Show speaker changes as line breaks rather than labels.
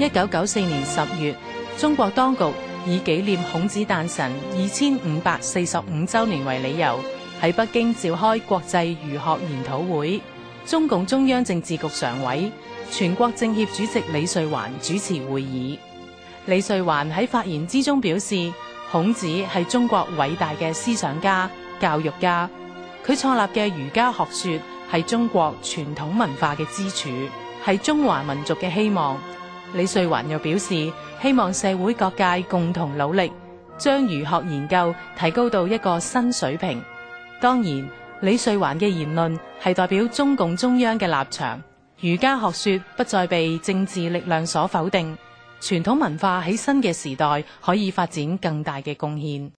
一九九四年十月，中國當局以紀念孔子誕辰二千五百四十五周年為理由，喺北京召開國際儒學研討會。中共中央政治局常委、全國政協主席李瑞環主持會議。李瑞環喺發言之中表示，孔子係中國偉大嘅思想家、教育家，佢創立嘅儒家學說係中國傳統文化嘅支柱，係中華民族嘅希望。李瑞環又表示，希望社會各界共同努力，將儒學研究提高到一個新水平。當然，李瑞環嘅言論係代表中共中央嘅立場。儒家學說不再被政治力量所否定，傳統文化喺新嘅時代可以發展更大嘅貢獻。